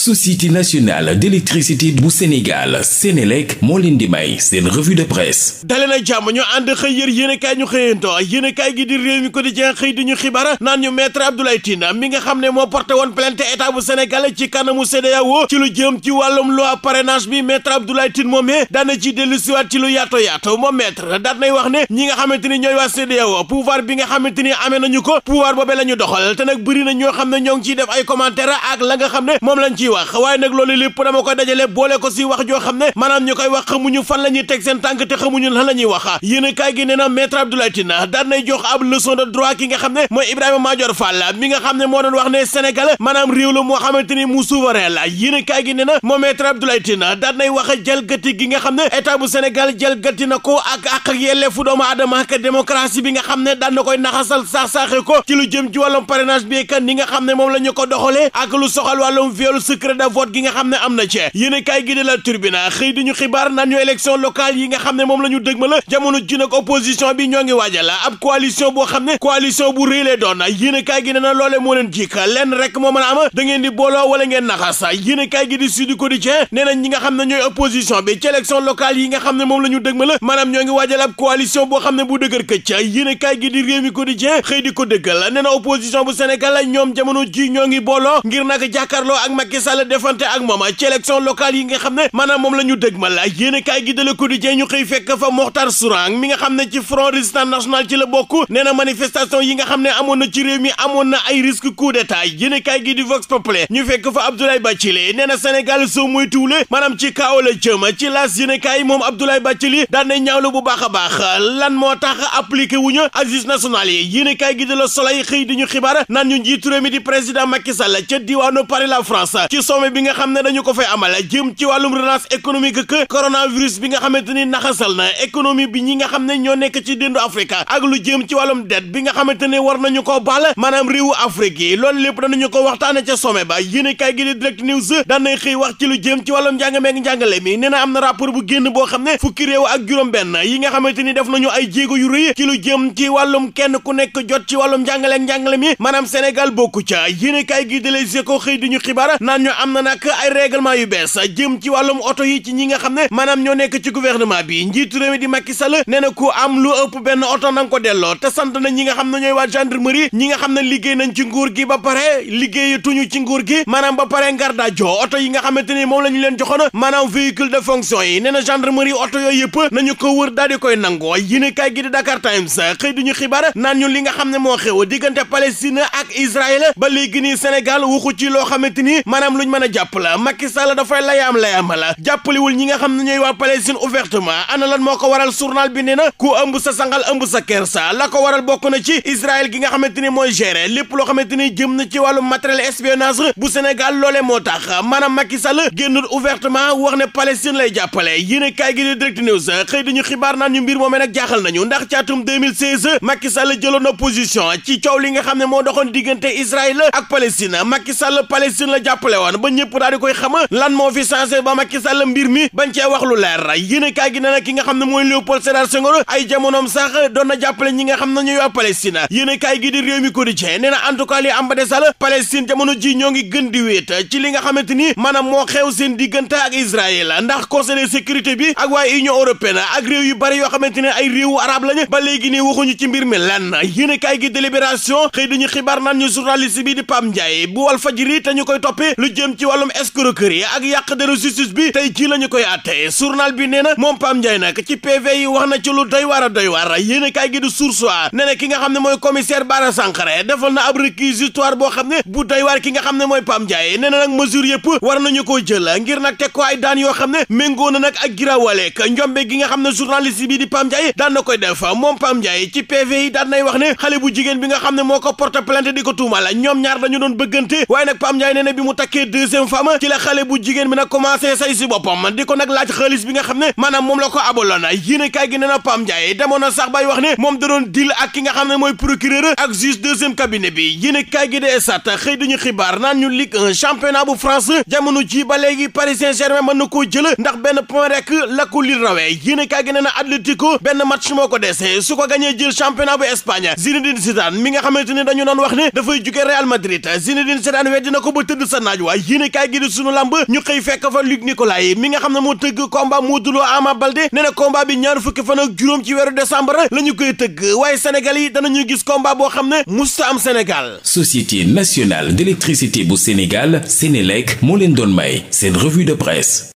société nationale d'électricité bu Sénégal Sénélec moo leen di may seen revue de presse dale jàmm ñu ànd xëy yër yéenekaay ñu xëyanto yéenekaay gi di réew mi quotidien xëy di ñu xibaar naan ñu maître Abdoulaye Tine mi nga xam ne moo porté woon plainte état bu Sénégal ci kanamu CEDEAO ci lu jëm ci wàllum loi parrainage bi maître Abdoulaye Tine moomee daana ci dellu siwaat ci lu yaato yaato moom maître daat nay wax ne ñi nga xamante ni ñooy waa CEDEAO pouvoir bi nga xamante ni amee nañu ko xam ne ñoo ngi ciy def wax waaye nag loolu lépp dama koy dajale boole ko si wax joo xam ne maanaam ñu koy wax xamuñu fan la ñuy teg seen tànk te xamuñu lan la ñuy wax yéen a kaay gi nee na maître Abdoulaye Tine daan jox ab leçon de droit ki nga xam ne mooy Ibrahima Madior Fall mi nga xam ne moo doon wax ne Sénégal maanaam réew la moo xamante ni mu souverain la yéen a kaay gi nee na moom maître Abdoulaye na daan nay wax jalgati gi nga xam ne état bu Sénégal jalgati na ko ak ak ak yelleefu doomu aadama ak démocratie bi nga xam ne daan na koy naxasal saax saaxe ko ci lu jëm ci wàllum parrainage bi ni nga xam ne moom la ñu ko doxalee ak lu soxal wàllum viol secret de vote gi nga xam ne am na ci yéenekaay gi de la Tribune xëy di ñu xibaar naan ñu élection locale yi nga xam ne moom la ñu dëgmal jamono ji bi ñoo ngi waajal ab coalition boo xam ne a am ne ñooy opposition bi moom la ñu dëgmal maanaam ñoo ngi waajal ab coalition boo xam ne bu dëgër këcc yéenekaay gi di ji ñoo ngi booloo ngir nag jàkkaarloo ak Macky Sall Sall defante ak moom ci élection locale yi nga xam ne maanaam moom la ñu dëgmal yéene kaay gi de Le Quotidien ñu xëy fekk fa Mokhtar Sourang mi nga xam ne ci Front Résistance Nationale ci la bokk nee na manifestation yi nga xam ne amoon na ci réew mi amoon na ay risque coup d'état yéene kaay gi di Vox Populi ñu fekk fa Abdoulaye Bathily nee na Sénégal soo moytuwule maanaam ci kaaw la jëm ci laas yéene kaay moom Abdoulaye Bathily daan na ñaawlu bu baax ba baax moo tax appliqué wu ñu assises nationales gi de Le Soleil xëy di ñu ci bi nga xam ne dañu ko fay amal jëm ci wàllum relance économique que coronavirus bi nga xamante ni naxasal na économie bi ñi nga xam ne ñoo nekk ci déndu Afrique ak lu jëm ci wàllum dette bi nga xamante ne war nañu ko baal maanaam réewu Afrique yi loolu lépp nañu ko waxtaane ca sommet ba yéene kaay gi di direct news daan nañ xëy wax ci lu jëm ci wàllum njàng meeg njàngale mi nee am na rapport bu génn boo xam ne fukki réew ak juróom-benn yi nga xamante ni def nañu ay jéego yu rëy ci jëm ci wàllum kenn ku nekk jot ci wàllum njàngale njàngale mi maanaam Sénégal bokku ca yéene gi di Les Échos xëy di ñu xibaar ñu am na nag ay règlement yu bees jëm ci wàllum oto yi ci ñi nga xam ne maanaam ñoo nekk ci gouvernement bi njiitu réew mi di Macky Sall nee na ku am lu ëpp benn oto nan ko delloo te sant na ñi nga xam ne ñooy waa gendarmerie ñi nga xam ne liggéey nañ ci nguur gi ba pare liggéey tuñu ci nguur gi maanaam ba pare ngarda joo oto yi nga xamante ni moom la ñu leen joxoon maanaam véhicule de fonction yi nee na gendarmerie oto yooyu yëpp nañu ko wër daal di koy nangoo yéen gi di Dakar Times xëy duñu xibaar naan ñu li nga xam ne moo xew diggante Palestine ak Israël ba léegi nii Sénégal waxu ci loo xamante ni maanaam luñ mën a jàpp la Macky Sall dafay layaam layaama la jàppaliwul ñi nga xam ne ñooy waa Palestine ouvertement ana lan moo ko waral journal bi ku ëmb sangal ëmb kersa la ko waral bokk na ci Israël gi nga xamante ni mooy gérer lépp loo xamante ni jëm na ci wàllu matériel espionnage bu Sénégal loolee moo tax maanaam Macky Sall génnul ouvertement wax ne Palestine lay jàppale yéen kaay gi di direct news xëy dañu xibaar naan ñu mbir moomee nag yoon ba ñëpp daal di koy xama lan moo fi changé ba Macky la mbir mi bañ cee wax lu leer yéene kaay gi ne nag ki nga xam ne mooy Léopold Sédar Senghor ay jamonoom sax doon na jàppale ñi nga xam na ñooy waa Palestine yéene kaay gi di réew mi quotidien nee na en tout cas li am ba des Palestine jamono ji ñoo ngi gën di wéet ci li nga xamante ni maanaam moo xew seen diggante ak la ndax conseil de sécurité bi ak waa Union européenne ak réew yu bari yoo xamante ne ay réewu arab lañu ba léegi nii waxuñu ci mbir mi lan yéene kaay gi délibération xëy dañu xibaar naan ñu journaliste bi di Pam Ndiaye bu Walfadjri te koy toppee jëm ci wàllum escroquerie ak yàq deru justice bi tey jii la ñu koy àtte journal bi nee na moom Pam Ndiaye nag ci PV yi wax na ci lu doy waar a doy waar yéen a kaay gi di Source A na ki nga xam ne mooy commissaire Bara Sankaré defal na ab réquisitoire boo xam ne bu doy waar ki nga xam ne mooy Pam Ndiaye nee nag mesure yëpp war nañu koo jël ngir nag teg ko ay daan yoo xam ne méngoo na nag ak giraawale njombe gi nga xam ne journaliste bi di Pam Ndiaye daan na koy def bi nga xam ne moo ko porte plainte di ko tuumal ñoom ñaar dañu doon bëggante dikkee deuxième femme ci la xale bu jigéen bi na commencé say si boppam di ko nag laaj xaalis bi nga xam ne maanaam moom la ko abaloon yéen a kaay na Pam Ndiaye demoon na sax bay wax ne moom da doon deal ak ki nga xam ne mooy procureur ak juge deuxième cabinet bi yéen a de sat xëy dañu xibaar naan ñu Ligue 1 championnat bu France jamono ji ba léegi Paris saint mën na koo jël ndax benn point rek la ko li rawee yéen a kaay na Atlético benn match moo waaye yéen a kaay gi di sunu lamb ñu xëy fekk fa Luc Nicolaï mi nga xam ne moo tëgg combat Modou Lo Ama Baldé nee na combat bi ñaar fukki fan ak juróom ci weeru décembre la koy tëgg waaye Sénégal yi danañu gis combat boo xam ne musta am Sénégal. Société nationale d'électricité bu Sénégal Sénélec moo leen doon may seen revue de presse.